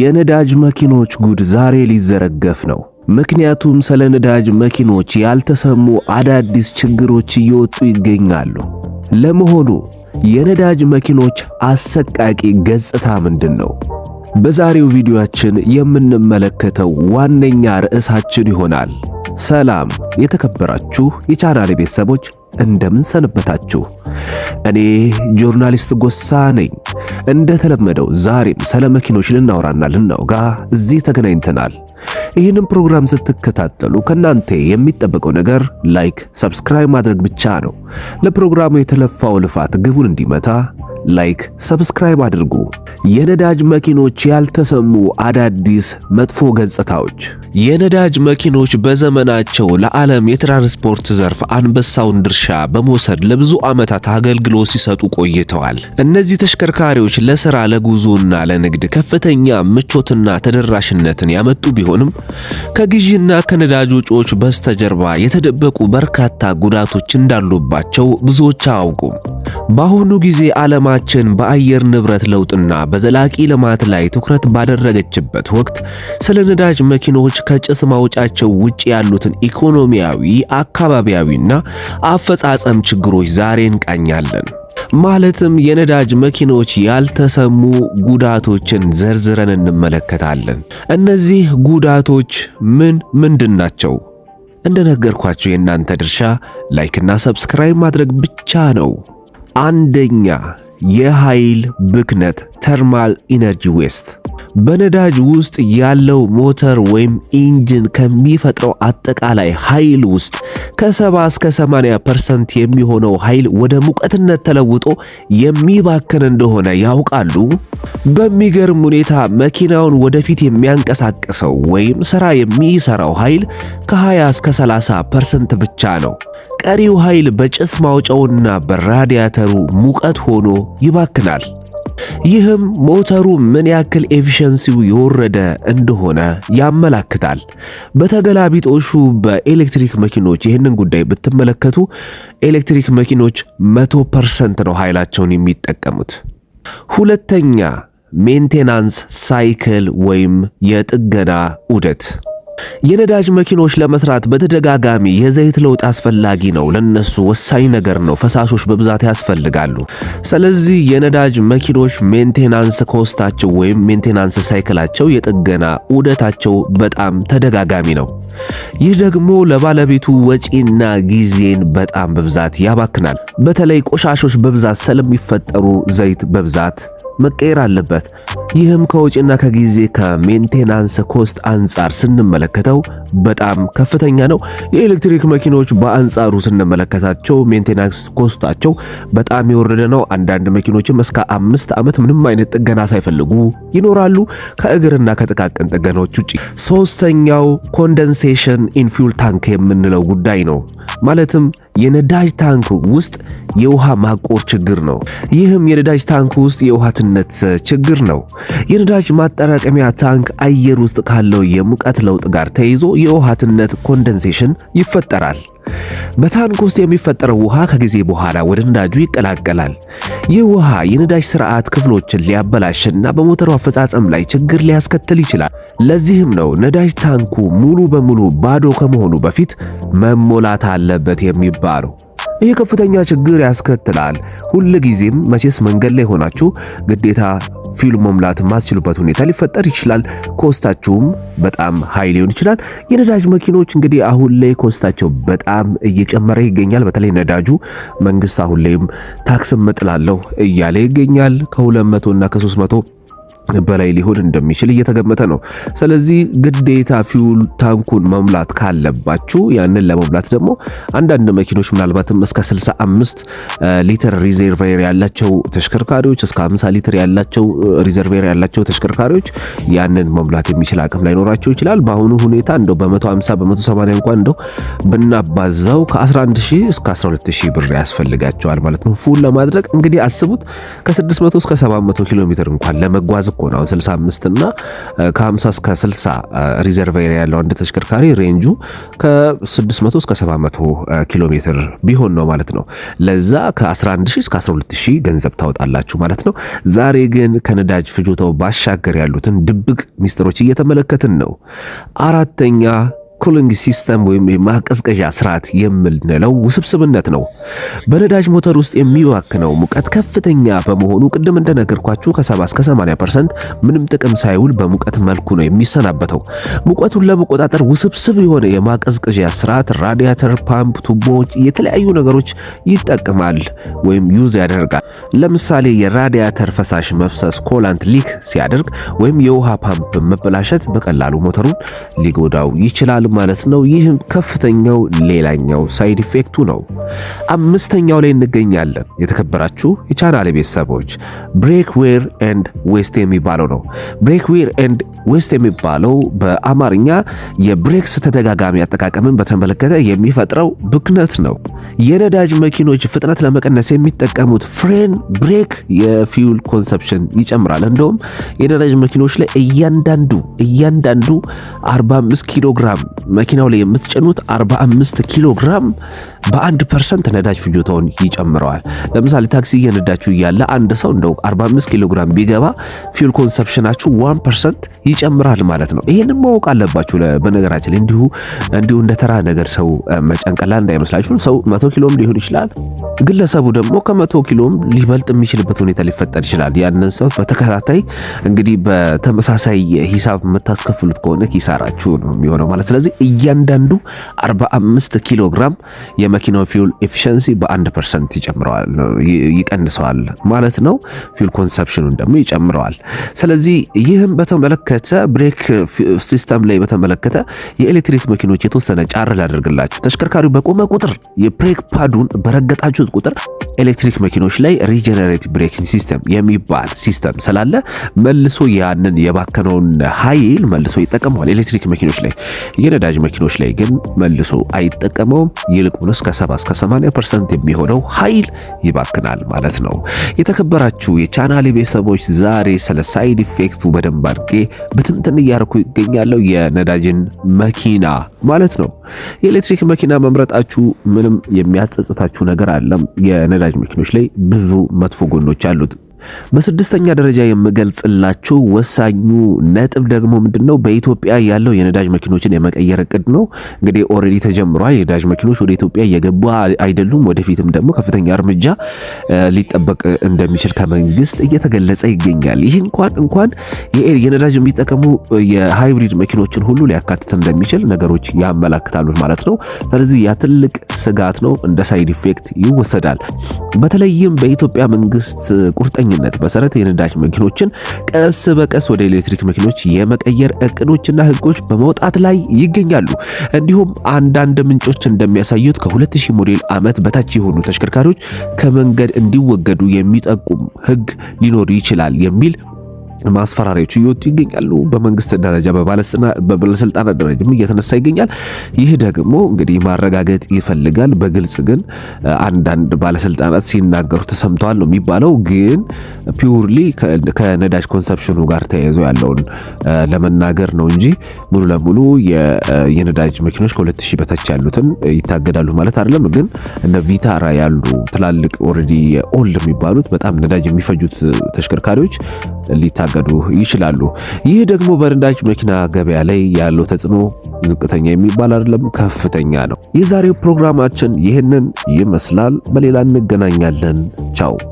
የነዳጅ መኪኖች ጉድ ዛሬ ሊዘረገፍ ነው። ምክንያቱም ስለ ነዳጅ መኪኖች ያልተሰሙ አዳዲስ ችግሮች እየወጡ ይገኛሉ። ለመሆኑ የነዳጅ መኪኖች አሰቃቂ ገጽታ ምንድን ነው? በዛሬው ቪዲዮአችን የምንመለከተው ዋነኛ ርዕሳችን ይሆናል። ሰላም የተከበራችሁ የቻናሌ ቤተሰቦች እንደምን ሰነበታችሁ? እኔ ጆርናሊስት ጎሳ ነኝ። እንደተለመደው ዛሬም ስለ መኪኖች ልናወራና ልናወጋ እዚህ ተገናኝተናል። ይህንን ፕሮግራም ስትከታተሉ ከናንተ የሚጠበቀው ነገር ላይክ፣ ሰብስክራይብ ማድረግ ብቻ ነው። ለፕሮግራሙ የተለፋው ልፋት ግቡን እንዲመታ ላይክ፣ ሰብስክራይብ አድርጉ። የነዳጅ መኪኖች ያልተሰሙ አዳዲስ መጥፎ ገጽታዎች። የነዳጅ መኪኖች በዘመናቸው ለዓለም የትራንስፖርት ዘርፍ አንበሳውን ድርሻ በመውሰድ ለብዙ ዓመታት አገልግሎት ሲሰጡ ቆይተዋል። እነዚህ ተሽከርካሪዎች ለሥራ ለጉዞና ለንግድ ከፍተኛ ምቾትና ተደራሽነትን ያመጡ ቢሆንም ከግዢና ከነዳጅ ወጪዎች በስተጀርባ የተደበቁ በርካታ ጉዳቶች እንዳሉባቸው ብዙዎች አያውቁም። በአሁኑ ጊዜ ዓለም ከተማችን በአየር ንብረት ለውጥና በዘላቂ ልማት ላይ ትኩረት ባደረገችበት ወቅት ስለ ነዳጅ መኪኖች ከጭስ ማውጫቸው ውጭ ያሉትን ኢኮኖሚያዊ፣ አካባቢያዊና አፈጻጸም ችግሮች ዛሬ እንቃኛለን። ማለትም የነዳጅ መኪኖች ያልተሰሙ ጉዳቶችን ዘርዝረን እንመለከታለን። እነዚህ ጉዳቶች ምን ምንድን ናቸው? እንደነገርኳችሁ የእናንተ ድርሻ ላይክና ሰብስክራይብ ማድረግ ብቻ ነው። አንደኛ የኃይል ብክነት ተርማል ኢነርጂ ዌስት በነዳጅ ውስጥ ያለው ሞተር ወይም ኢንጂን ከሚፈጥረው አጠቃላይ ኃይል ውስጥ ከ70 እስከ 80% የሚሆነው ኃይል ወደ ሙቀትነት ተለውጦ የሚባክን እንደሆነ ያውቃሉ። በሚገርም ሁኔታ መኪናውን ወደፊት የሚያንቀሳቅሰው ወይም ሥራ የሚሰራው ኃይል ከ20 እስከ 30% ብቻ ነው። ቀሪው ኃይል በጭስ ማውጫውና በራዲያተሩ ሙቀት ሆኖ ይባክናል። ይህም ሞተሩ ምን ያክል ኤፊሸንሲው የወረደ እንደሆነ ያመላክታል። በተገላቢጦሹ በኤሌክትሪክ መኪኖች ይህንን ጉዳይ ብትመለከቱ ኤሌክትሪክ መኪኖች 100% ነው ኃይላቸውን የሚጠቀሙት። ሁለተኛ ሜንቴናንስ ሳይክል ወይም የጥገና ዑደት የነዳጅ መኪኖች ለመስራት በተደጋጋሚ የዘይት ለውጥ አስፈላጊ ነው። ለነሱ ወሳኝ ነገር ነው። ፈሳሾች በብዛት ያስፈልጋሉ። ስለዚህ የነዳጅ መኪኖች ሜንቴናንስ ኮስታቸው ወይም ሜንቴናንስ ሳይክላቸው፣ የጥገና ዑደታቸው በጣም ተደጋጋሚ ነው። ይህ ደግሞ ለባለቤቱ ወጪና ጊዜን በጣም በብዛት ያባክናል። በተለይ ቆሻሾች በብዛት ስለሚፈጠሩ ዘይት በብዛት መቀየር አለበት። ይህም ከወጪና ከጊዜ ከሜንቴናንስ ኮስት አንጻር ስንመለከተው በጣም ከፍተኛ ነው። የኤሌክትሪክ መኪኖች በአንጻሩ ስንመለከታቸው ሜንቴናንስ ኮስታቸው በጣም የወረደ ነው። አንዳንድ መኪኖችም እስከ አምስት ዓመት ምንም አይነት ጥገና ሳይፈልጉ ይኖራሉ ከእግርና ከጥቃቅን ጥገናዎች ውጪ። ሶስተኛው ኮንደንሴሽን ኢን ፊውል ታንክ የምንለው ጉዳይ ነው ማለትም የነዳጅ ታንክ ውስጥ የውሃ ማቆር ችግር ነው። ይህም የነዳጅ ታንክ ውስጥ የውሃ ትነት ችግር ነው። የነዳጅ ማጠራቀሚያ ታንክ አየር ውስጥ ካለው የሙቀት ለውጥ ጋር ተይዞ የውሃ ትነት ኮንደንሴሽን ይፈጠራል። በታንክ ውስጥ የሚፈጠረው ውሃ ከጊዜ በኋላ ወደ ነዳጁ ይቀላቀላል። ይህ ውሃ የነዳጅ ስርዓት ክፍሎችን ሊያበላሽና በሞተሩ አፈጻጸም ላይ ችግር ሊያስከትል ይችላል። ለዚህም ነው ነዳጅ ታንኩ ሙሉ በሙሉ ባዶ ከመሆኑ በፊት መሞላት አለበት የሚባለው። ይህ ከፍተኛ ችግር ያስከትላል። ሁል ጊዜም መቼስ መንገድ ላይ ሆናችሁ ግዴታ ፊሉ መሙላት የማስችሉበት ሁኔታ ሊፈጠር ይችላል። ኮስታችሁም በጣም ሀይ ሊሆን ይችላል። የነዳጅ መኪኖች እንግዲህ አሁን ላይ ኮስታቸው በጣም እየጨመረ ይገኛል። በተለይ ነዳጁ መንግስት አሁን ላይም ታክስም እጥላለሁ እያለ ይገኛል ከ200 እና ከ300 በላይ ሊሆን እንደሚችል እየተገመተ ነው። ስለዚህ ግዴታ ፊውል ታንኩን መሙላት ካለባችሁ ያንን ለመሙላት ደግሞ አንዳንድ መኪኖች ምናልባትም እስከ 65 ሊትር ሪዘርቬር ያላቸው ተሽከርካሪዎች እስከ 50 ሊትር ያላቸው ሪዘርቬር ያላቸው ተሽከርካሪዎች ያንን መሙላት የሚችል አቅም ላይኖራቸው ይችላል። በአሁኑ ሁኔታ እንደው በ150 በ180 እንኳን እንደው ብናባዛው ከ11 እስከ 12 ብር ያስፈልጋቸዋል ማለት ነው ፉል ለማድረግ እንግዲህ አስቡት ከ600 እስከ 700 ኪሎ ሜትር እንኳን ለመጓዝ እኮ ነው 65 እና ከ50 እስከ 60 ሪዘርቭ ያለው አንድ ተሽከርካሪ ሬንጁ ከ600 እስከ 700 ኪሎ ሜትር ቢሆን ነው ማለት ነው። ለዛ ከ11000 እስከ 12000 ገንዘብ ታወጣላችሁ ማለት ነው። ዛሬ ግን ከነዳጅ ፍጆታው ባሻገር ያሉትን ድብቅ ሚስጥሮች እየተመለከትን ነው። አራተኛ ኩሊንግ ሲስተም ወይም የማቀዝቀዣ ስርዓት የምንለው ውስብስብነት ነው። በነዳጅ ሞተር ውስጥ የሚባክነው ሙቀት ከፍተኛ በመሆኑ ቅድም እንደነገርኳችሁ ከ70 እስከ 80% ምንም ጥቅም ሳይውል በሙቀት መልኩ ነው የሚሰናበተው። ሙቀቱን ለመቆጣጠር ውስብስብ የሆነ የማቀዝቀዣ ስርዓት ራዲያተር፣ ፓምፕ፣ ቱቦዎች፣ የተለያዩ ነገሮች ይጠቅማል ወይም ዩዝ ያደርጋል። ለምሳሌ የራዲያተር ፈሳሽ መፍሰስ ኮላንት ሊክ ሲያደርግ ወይም የውሃ ፓምፕ መበላሸት በቀላሉ ሞተሩን ሊጎዳው ይችላል ማለት ነው። ይህም ከፍተኛው ሌላኛው ሳይድ ኢፌክቱ ነው። አምስተኛው ላይ እንገኛለን። የተከበራችሁ የቻናል ቤተሰቦች ብሬክ ዌር ኤንድ ዌስት የሚባለው ነው። ብሬክ ዌር ኤንድ ዌስት የሚባለው በአማርኛ የብሬክስ ተደጋጋሚ አጠቃቀምን በተመለከተ የሚፈጥረው ብክነት ነው። የነዳጅ መኪኖች ፍጥነት ለመቀነስ የሚጠቀሙት ፍሬን ብሬክ የፊውል ኮንሰፕሽን ይጨምራል። እንደውም የነዳጅ መኪኖች ላይ እያንዳንዱ እያንዳንዱ 45 ኪሎ ግራም መኪናው ላይ የምትጭኑት 45 ኪሎ ግራም በአንድ ፐርሰንት ነዳጅ ፍጆታውን ይጨምረዋል። ለምሳሌ ታክሲ እየነዳችሁ እያለ አንድ ሰው እንደው 45 ኪሎ ግራም ቢገባ ፊውል ኮንሰፕሽናችሁ 1 ፐርሰንት ይጨምራል ማለት ነው። ይህንን ማወቅ አለባችሁ። በነገራችን ላይ እንዲሁ እንዲሁ እንደ ተራ ነገር ሰው መጨንቀላ እንዳይመስላችሁ። ሰው 100 ኪሎም ሊሆን ይችላል፣ ግለሰቡ ደግሞ ከመቶ ኪሎም ሊበልጥ የሚችልበት ሁኔታ ሊፈጠር ይችላል። ያንን ሰው በተከታታይ እንግዲህ በተመሳሳይ ሂሳብ የምታስከፍሉት ከሆነ ኪሳራችሁ ነው የሚሆነው ማለት ስለዚህ እያንዳንዱ 45 ኪሎ ግራም የመኪናው ፊውል ኤፊሸንሲ በአንድ ፐርሰንት ይጨምረዋል ይቀንሰዋል ማለት ነው። ፊውል ኮንሰፕሽኑን ደግሞ ይጨምረዋል። ስለዚህ ይህም በተመለከተ ብሬክ ሲስተም ላይ በተመለከተ የኤሌክትሪክ መኪኖች የተወሰነ ጫር ላደርግላችሁ። ተሽከርካሪው በቆመ ቁጥር የብሬክ ፓዱን በረገጣችሁት ቁጥር ኤሌክትሪክ መኪኖች ላይ ሪጀነሬቲቭ ብሬኪንግ ሲስተም የሚባል ሲስተም ስላለ መልሶ ያንን የባከነውን ኃይል መልሶ ይጠቀመዋል ኤሌክትሪክ መኪኖች ላይ። የነዳጅ መኪኖች ላይ ግን መልሶ አይጠቀመውም። ይልቁንስ እስከ 70 እስከ 80% የሚሆነው ኃይል ይባክናል ማለት ነው። የተከበራችሁ የቻናል ቤተሰቦች ዛሬ ስለ ሳይድ ኢፌክቱ በደንብ አድርጌ ብትንትን እያርኩ ይገኛለው የነዳጅን መኪና ማለት ነው። የኤሌክትሪክ መኪና መምረጣችሁ ምንም የሚያጸጽታችሁ ነገር አለም። የነዳጅ መኪኖች ላይ ብዙ መጥፎ ጎኖች አሉት። በስድስተኛ ደረጃ የምገልጽላችሁ ወሳኙ ነጥብ ደግሞ ምንድን ነው? በኢትዮጵያ ያለው የነዳጅ መኪኖችን የመቀየር እቅድ ነው። እንግዲህ ኦልሬዲ ተጀምሯል። የነዳጅ መኪኖች ወደ ኢትዮጵያ እየገቡ አይደሉም። ወደፊትም ደግሞ ከፍተኛ እርምጃ ሊጠበቅ እንደሚችል ከመንግስት እየተገለጸ ይገኛል። ይህ እንኳን እንኳን የነዳጅ የሚጠቀሙ የሃይብሪድ መኪኖችን ሁሉ ሊያካትት እንደሚችል ነገሮች ያመላክታሉ ማለት ነው። ስለዚህ ያ ትልቅ ስጋት ነው። እንደ ሳይድ ኢፌክት ይወሰዳል። በተለይም በኢትዮጵያ መንግስት ቁርጠኛ ስምምነት መሰረት የነዳጅ መኪኖችን ቀስ በቀስ ወደ ኤሌክትሪክ መኪኖች የመቀየር እቅዶችና ህጎች በመውጣት ላይ ይገኛሉ። እንዲሁም አንዳንድ ምንጮች እንደሚያሳዩት ከ2000 ሞዴል ዓመት በታች የሆኑ ተሽከርካሪዎች ከመንገድ እንዲወገዱ የሚጠቁም ህግ ሊኖር ይችላል የሚል ማስፈራሪዎች እየወጡ ይገኛሉ። በመንግስት ደረጃ በባለስልጣናት ደረጃም እየተነሳ ይገኛል። ይህ ደግሞ እንግዲህ ማረጋገጥ ይፈልጋል። በግልጽ ግን አንዳንድ ባለስልጣናት ሲናገሩ ተሰምተዋል ነው የሚባለው። ግን ፒውርሊ ከነዳጅ ኮንሰፕሽኑ ጋር ተያይዞ ያለውን ለመናገር ነው እንጂ ሙሉ ለሙሉ የነዳጅ መኪኖች ከ2000 በታች ያሉትን ይታገዳሉ ማለት አይደለም። ግን እነ ቪታራ ያሉ ትላልቅ ኦልድ የሚባሉት በጣም ነዳጅ የሚፈጁት ተሽከርካሪዎች ሊታ ሊወሰዱ ይችላሉ። ይህ ደግሞ በነዳጅ መኪና ገበያ ላይ ያለው ተጽዕኖ ዝቅተኛ የሚባል አይደለም፣ ከፍተኛ ነው። የዛሬው ፕሮግራማችን ይህንን ይመስላል። በሌላ እንገናኛለን። ቻው